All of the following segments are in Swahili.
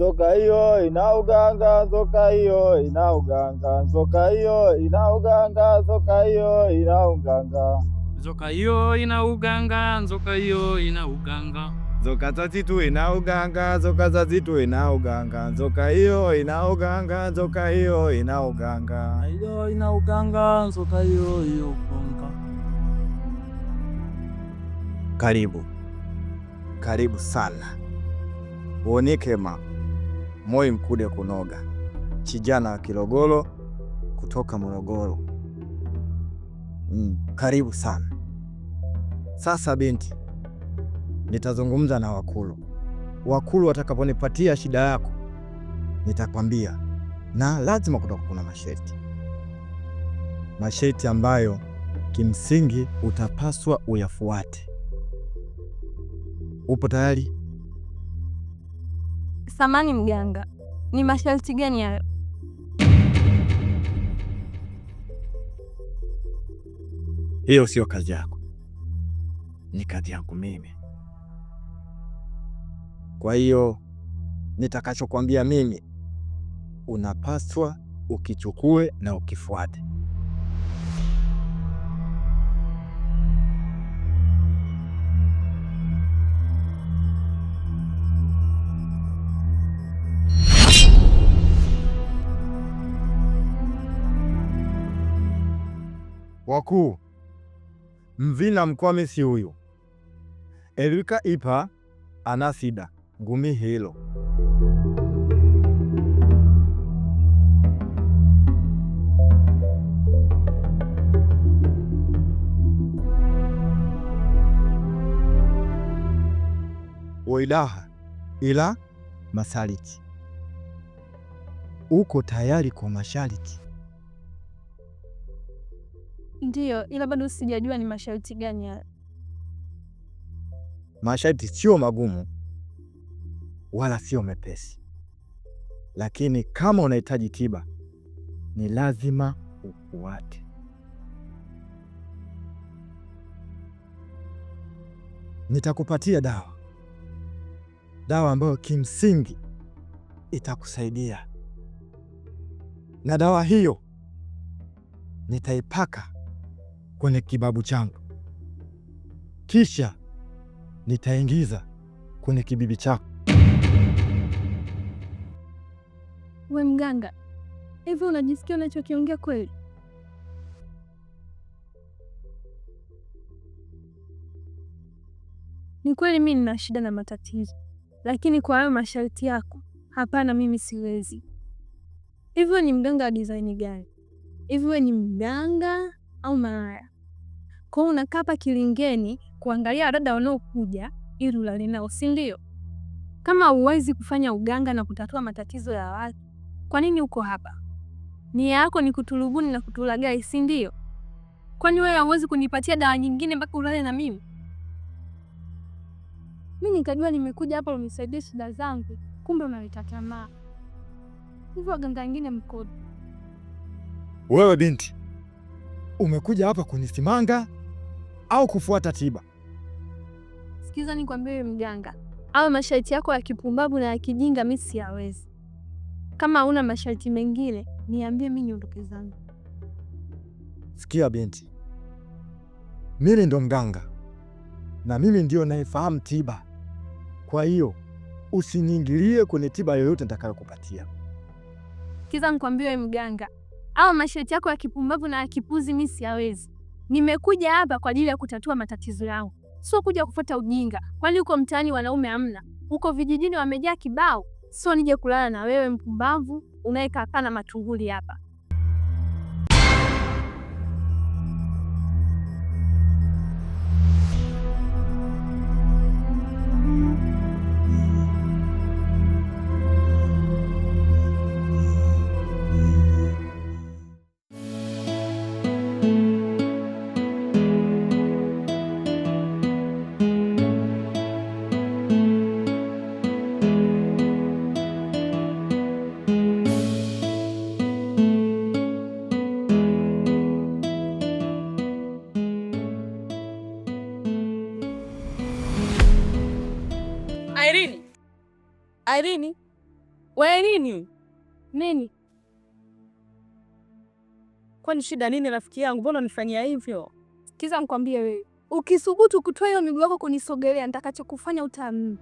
nzoka hiyo inauganga, nzoka hiyo inauganga, nzoka hiyo uganga, nzoka hiyo uganga, nzoka hiyo uganga, nzoka hiyo inauganga, nzoka zazitu uganga, nzoka zazitu inauganga, nzoka hiyo inauganga, nzoka hiyo inauganga, hiyo uganga, nzoka hiyo uganga. Karibu, karibu sana, uonekema Moi Mkude kunoga kijana wa Kilogolo kutoka Morogoro. Mm, karibu sana. Sasa binti, nitazungumza na wakulu. Wakulu watakaponipatia shida yako nitakwambia, na lazima kutoka kuna masharti, masharti ambayo kimsingi utapaswa uyafuate. Upo tayari? Samani mganga, ni masharti gani hayo? Hiyo sio kazi yako, ni kazi yangu mimi. Kwa hiyo nitakachokwambia mimi unapaswa ukichukue na ukifuate. wakuu mvina mkwame si huyu Erika ipa ana sida ngumi hilo wailaha ila mashariki uko tayari kwa mashariki Ndiyo, ila bado sijajua ni masharti gani ya masharti. Sio magumu wala sio mepesi, lakini kama unahitaji tiba ni lazima ufuate. Nitakupatia dawa, dawa ambayo kimsingi itakusaidia, na dawa hiyo nitaipaka kwenye kibabu changu, kisha nitaingiza kwenye kibibi chako. We mganga, hivi unajisikia unachokiongea kweli? Ni kweli mi nina shida na matatizo, lakini kwa hayo masharti yako, hapana, mimi siwezi. Hivyo ni mganga wa dizaini gani? hivyo we ni mganga au malaya? Kwa unakapa unakaa hapa kilingeni kuangalia wadada wanaokuja ili ulale nao, si ndio? Kama uwezi kufanya uganga na kutatua matatizo ya watu, kwa nini uko hapa? Nia yako ni kutulubuni na kutulagai, si ndio? Kwani wewe hauwezi kunipatia dawa nyingine mpaka ulale na mimi? Mi nikajua nimekuja hapa unisaidie shida zangu, kumbe unaleta tamaa. Hivyo waganga wengine mkodo. Wewe binti, umekuja hapa kunisimanga au kufuata tiba. Sikiza nikwambie mganga, awe masharti yako ya kipumbavu na ya kijinga mi siyawezi. Kama una masharti mengine niambie, mimi niondoke zangu. Sikia binti, mimi ndo mganga na mimi ndio nayefahamu tiba, kwa hiyo usiniingilie kwenye tiba yoyote nitakayokupatia. Sikiza nikwambie mganga, au masharti yako ya kipumbavu na ya kipuzi mi siyawezi. Nimekuja hapa kwa ajili ya kutatua matatizo yangu, sio kuja kufuata ujinga. Kwani uko mtaani wanaume hamna? Uko vijijini wamejaa kibao, sio nije kulala na wewe mpumbavu unayekaakaa na matunguli hapa. Irene, we nini? Nini? Kwani shida nini rafiki yangu? Mbona unifanyia hivyo? Sikiza nikwambie wewe. Ukisubutu kutoa hiyo miguu yako kunisogelea nitakachokufanya utaamini.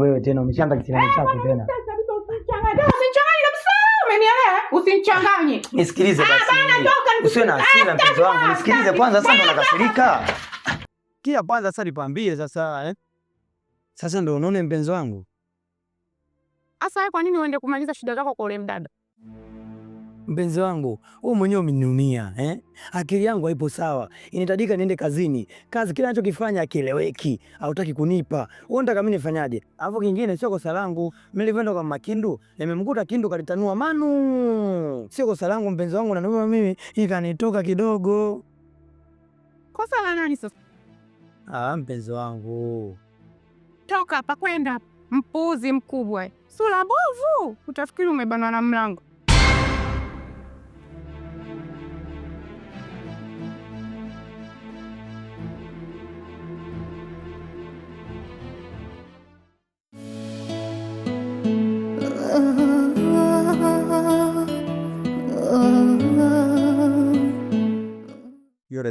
wewe tena umeshaanza kisinani eh, chako tena ah, usinichanganye. Nisikilize ah, basi. Usiwe na ah, hasira mpenzi wangu. Nisikilize kwanza sasa ndo nakasirika. Kia kwanza sasa nipambie sasa eh. Sasa ndo unaona mpenzi wangu. Asa kwa nini uende kumaliza shida zako kwa ule mdada? mpenzi wangu, wewe mwenyewe umeniumia eh? Akili yangu haipo sawa, inahitajika niende kazini. Kazi kila anachokifanya akieleweki, hautaki kunipa wewe, unataka mimi nifanyaje? Alafu kingine sio kosa langu, mimi nilivyoenda kwa Makindu nimemkuta Kindu kalitanua Manu, sio kosa langu mpenzi wangu, na nanuma mimi ikanitoka kidogo. Kosa la nani sasa? Ah, mpenzi wangu, toka hapa, kwenda mpuzi mkubwa, sura bovu, utafikiri umebanwa na mlango.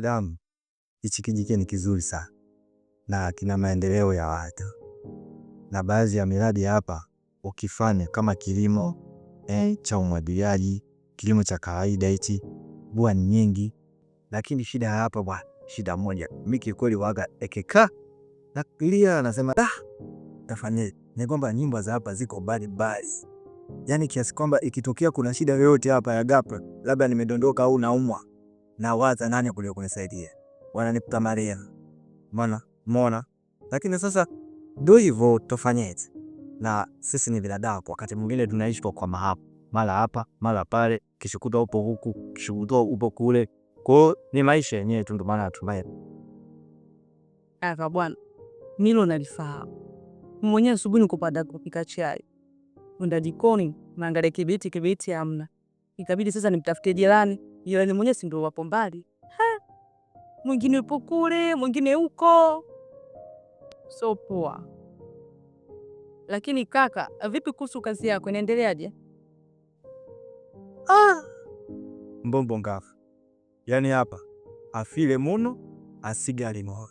damu, hichi kijiji ni kizuri sana na kina maendeleo ya watu, na baadhi ya miradi hapa ukifanya kama kilimo eh, cha umwagiliaji, kilimo cha kawaida hichi, bua nyingi, lakini shida hapa bwana, shida moja mimi kikweli waga ekeka na kulia, anasema ah, tafanye ni kwamba nyumba za hapa ziko bali bali, yani kiasi kwamba ikitokea kuna shida yoyote hapa ya ghafla, labda nimedondoka au naumwa na waza nani kulio kunisaidia, wananipa Maria mona mona. Lakini sasa ndio hivyo, tufanyeje? Na sisi ni binadamu, wakati mwingine tunaishi kwa mahaba, mara hapa mara pale, kishukuta upo huku, kishukuta upo kule, kwao ni maisha yenyewe tu, ndio maana atumaye aka bwana nilo nalifahamu mwenyewe. Asubuhi nikupata kupika chai, unda jikoni, naangalia kibiti, kibiti amna ikabidi sasa nimtafute jirani. Jirani mwenyewe si ndio wapo mbali, mwingine upo kule, mwingine huko, so poa. Lakini kaka, vipi kuhusu kazi yako, inaendeleaje? Ah, mbombo ngafu, yaani hapa afile muno asigali moa,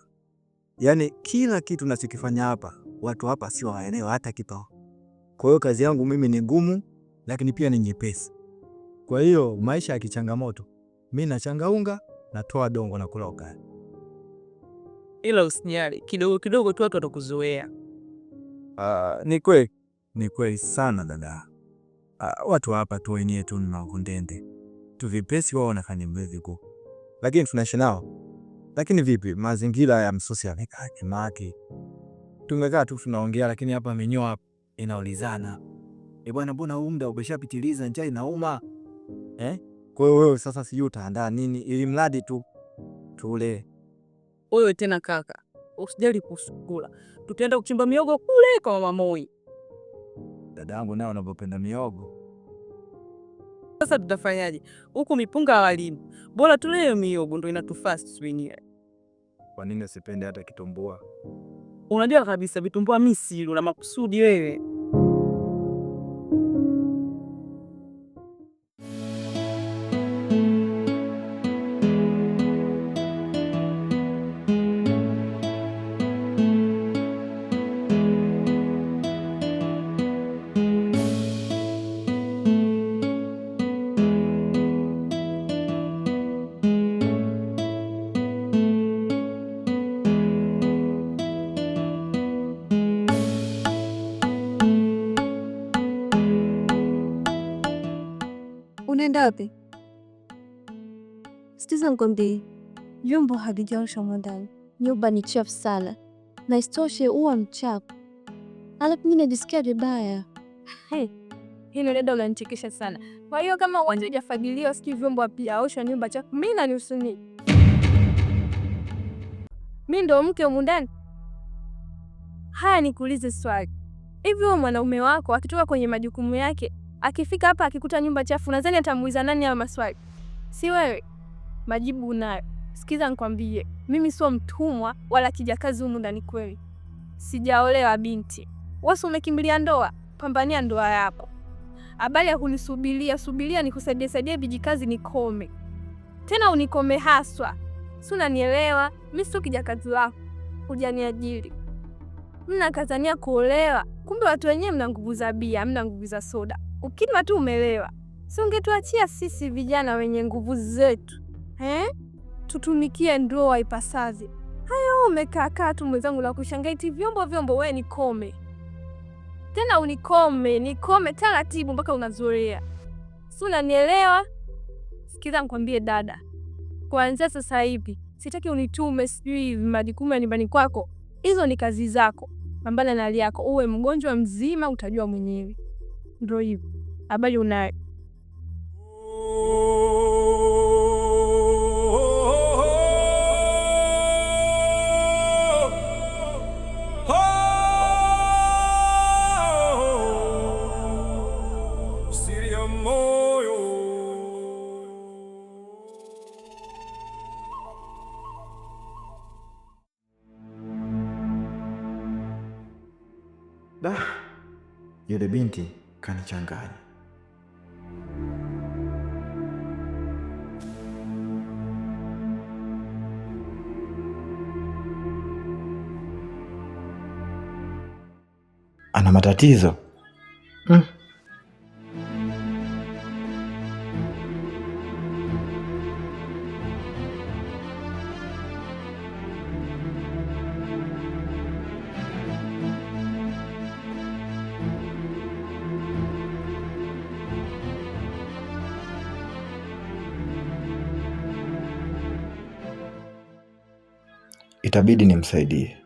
yaani kila kitu nachokifanya hapa watu hapa si waelewa hata kipao. Kwa hiyo kazi yangu mimi ni ngumu, lakini pia ni nyepesi kwa hiyo maisha ya kichangamoto, mi nachanga unga, natoa dongo na kula ugali. Ila usinyali kidogo kidogo tu, watu watakuzoea. Uh, ni kweli ni kweli sana dada. Uh, watu hapa tu wenyewe tu ni tu vipesi, wao wanakanimveviku, lakini tunaishi nao. Lakini vipi mazingira ya msosi yamekaa kimaki, tumekaa tu tunaongea, lakini hapa minyoa inaulizana, e bwana, mbona huu muda umeshapitiliza, njaa inauma eh? Kwa hiyo wewe sasa sijui utaandaa nini, ili mradi tu tule. Wewe tena kaka, usijali kusukula, tutaenda kuchimba miogo kule kwa mama Moi. Dadangu naye unavyopenda miogo. Sasa tutafanyaje huku? Mipunga hawalima, bora tule hiyo miogo, ndo inatufaa sisi wenyewe. Kwa nini usipende hata kitumbua? Unajua kabisa vitumbua mimi sili, na makusudi wewe. Sikiza nikwambie, vyombo havijaoshwa mwandani, nyumba ni chafu sana, na isitoshe huwa mchafu, alafu mimi najisikia vibaya. Hey, hilo dada unanichekesha sana. Kwa hiyo kama uwanja hujafagiliwa, sijui vyombo havijaoshwa, nyumba chafu, mimi nanihusu nini? Mimi ndo mke humu ndani? Haya, nikuulize swali, hivi wewe mwanaume wako akitoka kwenye majukumu yake akifika hapa akikuta nyumba chafu, nadhani atamuuliza nani hayo maswali? Si wewe? majibu unayo. Sikiza nikwambie, mimi sio mtumwa wala kijakazi humu ndani kweli. Sijaolewa binti. Wewe umekimbilia ndoa, pambania ndoa yako. Habari ya kunisubiria subiria nikusaidie saidie vijikazi nikome. Tena unikome haswa. Si unanielewa? Mimi sio kijakazi wako. Hujaniajiri. Mnakazania kuolewa. Kumbe watu wenyewe mna nguvu za bia, mna nguvu za soda. Ukinwa tu umelewa. Si ungetuachia sisi vijana wenye nguvu zetu eh? Tutumikie ndoa waipasazi. Haya, umekaakaa tu mwenzangu, la kushangaiti vyombo vyombo. We nikome tena, unikome nikome taratibu mpaka unazorea, si unanielewa? Sikiza nikwambie dada, kuanzia sasa hivi sitaki unitume sijui majukumu ya nyumbani kwako. Hizo ni kazi zako, pambana na hali yako. Uwe mgonjwa mzima, utajua mwenyewe. Ndio hivyo habari unayo. Da, yule binti kanichanganya. Ana matatizo itabidi nimsaidie.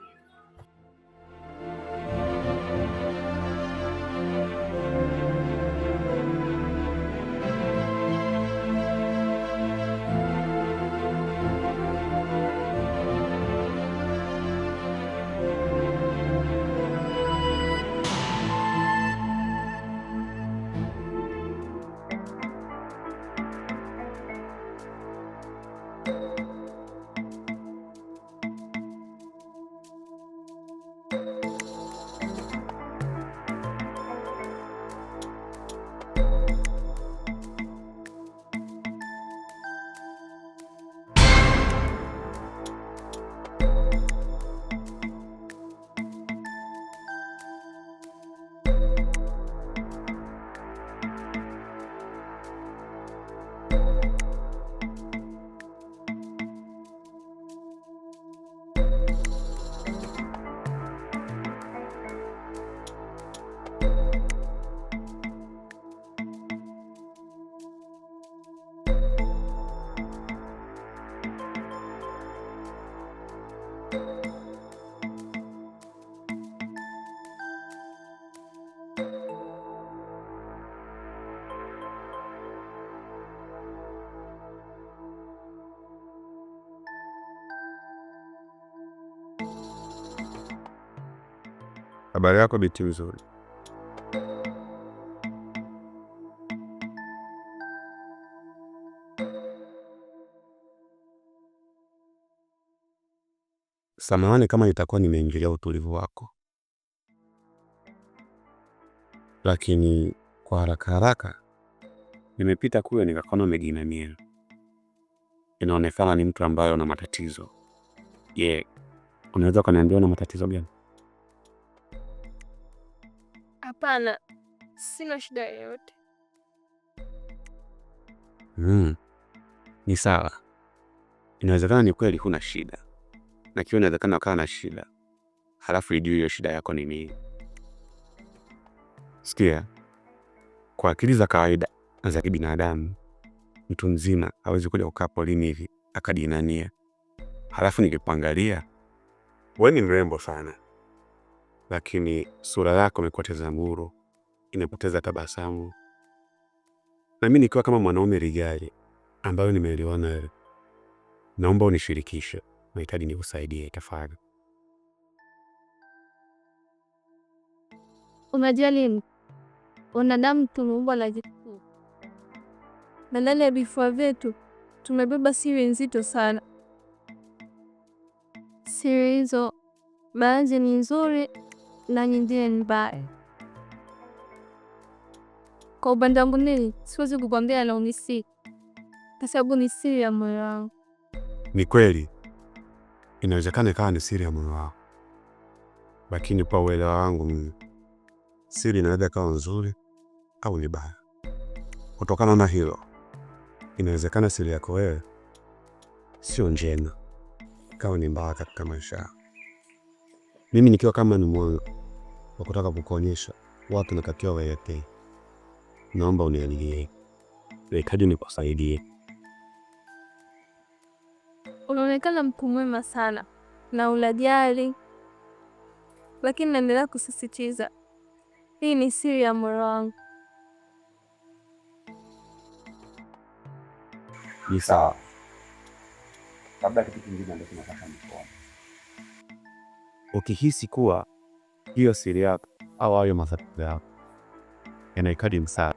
Habari yako binti mzuri? Samahani kama nitakuwa nimeingilia utulivu wako, lakini kwa haraka haraka nimepita kule nikakuona umejiinamia. Inaonekana ni mtu ambaye una matatizo. Je, yeah, unaweza ukaniambia una matatizo gani? Hapana, sina shida yoyote. Hmm. Ni sawa, inawezekana ni kweli huna shida, na kiwa inawezekana ukawa na shida, halafu ijuu hiyo shida yako ni nini. Sikia, kwa akili za kawaida za kibinadamu, mtu mzima hawezi kuja kukaa polini hivi akadinania Halafu nilipoangalia, we ni mrembo sana lakini sura yako imepoteza muro, imepoteza tabasamu. Na mimi nikiwa kama mwanaume rigali ambayo nimeliona, naomba unishirikishe, nahitaji nikusaidie tafadhali. lini wanadamu tumeumbwa la kitu na ndani ya vifua vyetu tumebeba siri nzito sana. Siri hizo baadhi ni nzuri na nyingine ni mbaya. Kwa upande wangu nini, siwezi kukwambia na unisi, kwa sababu ni siri ya moyo wangu. Ni kweli inawezekana ikawa ni siri ya moyo wako, lakini kwa uelewa wangu mimi siri inaweza ikawa nzuri au ni baya. Kutokana na hilo, inawezekana siri yako wewe sio njema, ikawa ni mbaya katika maisha yako. Mimi nikiwa kama ni mwanga kwa kutaka kukuonyesha watu natakiwa waelekee. Naomba unialie wekaji nikusaidie. Unaonekana mtu mwema sana na unajali, lakini naendelea kusisitiza, hii ni siri ya moyo wangu. Ni sawa. Labda kitu kingine ndio kinataka nikuone, ukihisi kuwa hiyo siri yako au hayo matatizo yako yanahitaji msaada.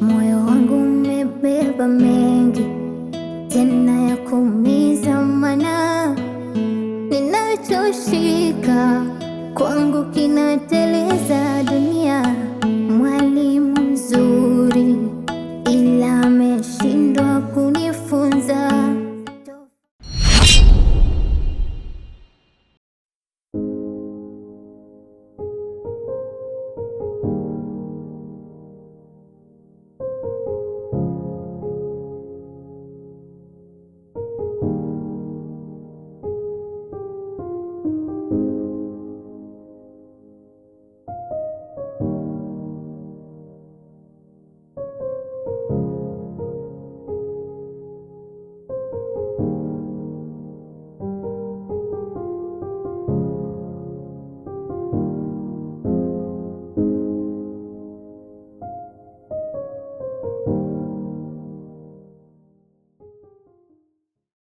Moyo wangu umebeba mengi tena ya kumiza, mana ninachoshika kwangu kinateleza dunia